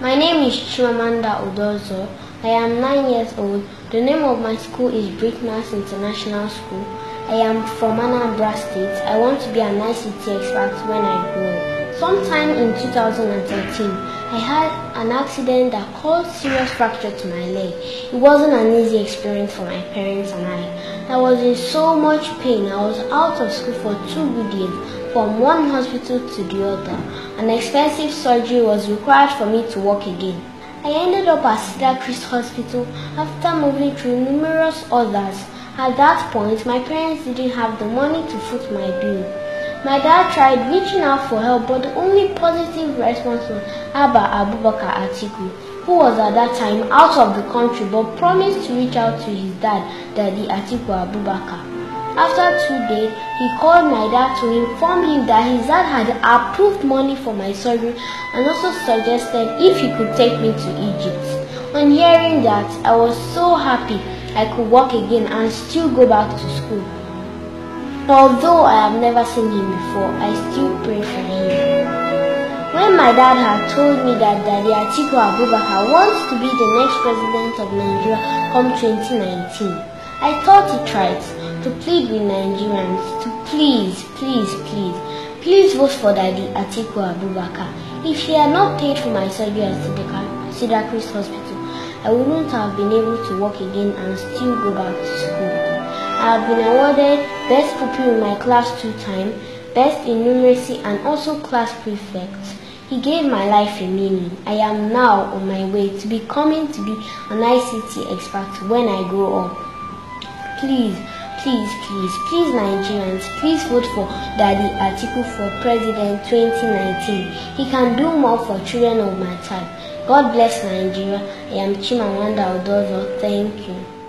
My name is Chimamanda Odozo. I am nine years old. The name of my school is Brickmas International School. I am from Anambra State. I want to be an ICT expert when I grow up. Sometime in 2013, I had an accident that caused serious fracture to my leg. It wasn't an easy experience for my parents and I. I was in so much pain. I was out of school for two good from one hospital to the other. An expensive surgery was required for me to walk again. I ended up at Cedar Christ Hospital after moving through numerous others. At that point, my parents didn't have the money to foot my bill. My dad tried reaching out for help, but the only positive response was Abba Abubakar Atiku, who was at that time out of the country but promised to reach out to his dad, Daddy Atiku Abubakar. After two days, he called my dad to inform him that his dad had approved money for my surgery and also suggested if he could take me to Egypt. On hearing that, I was so happy I could walk again and still go back to school. Although I have never seen him before, I still pray for him. When my dad had told me that Daddy Atiku Abubakar wants to be the next president of Nigeria come 2019, I thought it right to plead with Nigerians to please, please, please, please vote for Daddy Atiku Abubakar. If he had not paid for my surgery at Sidakris Hospital, I wouldn't have been able to walk again and still go back to school. I have been awarded Best Pupil in my class two times, Best in Numeracy and also Class Prefect. He gave my life a meaning. I am now on my way to becoming to be an ICT expert when I grow up. Please, please, please, please Nigerians, please vote for Daddy Atiku for President 2019. He can do more for children of my time. God bless Nigeria. I am Chimamanda Odozo. Thank you.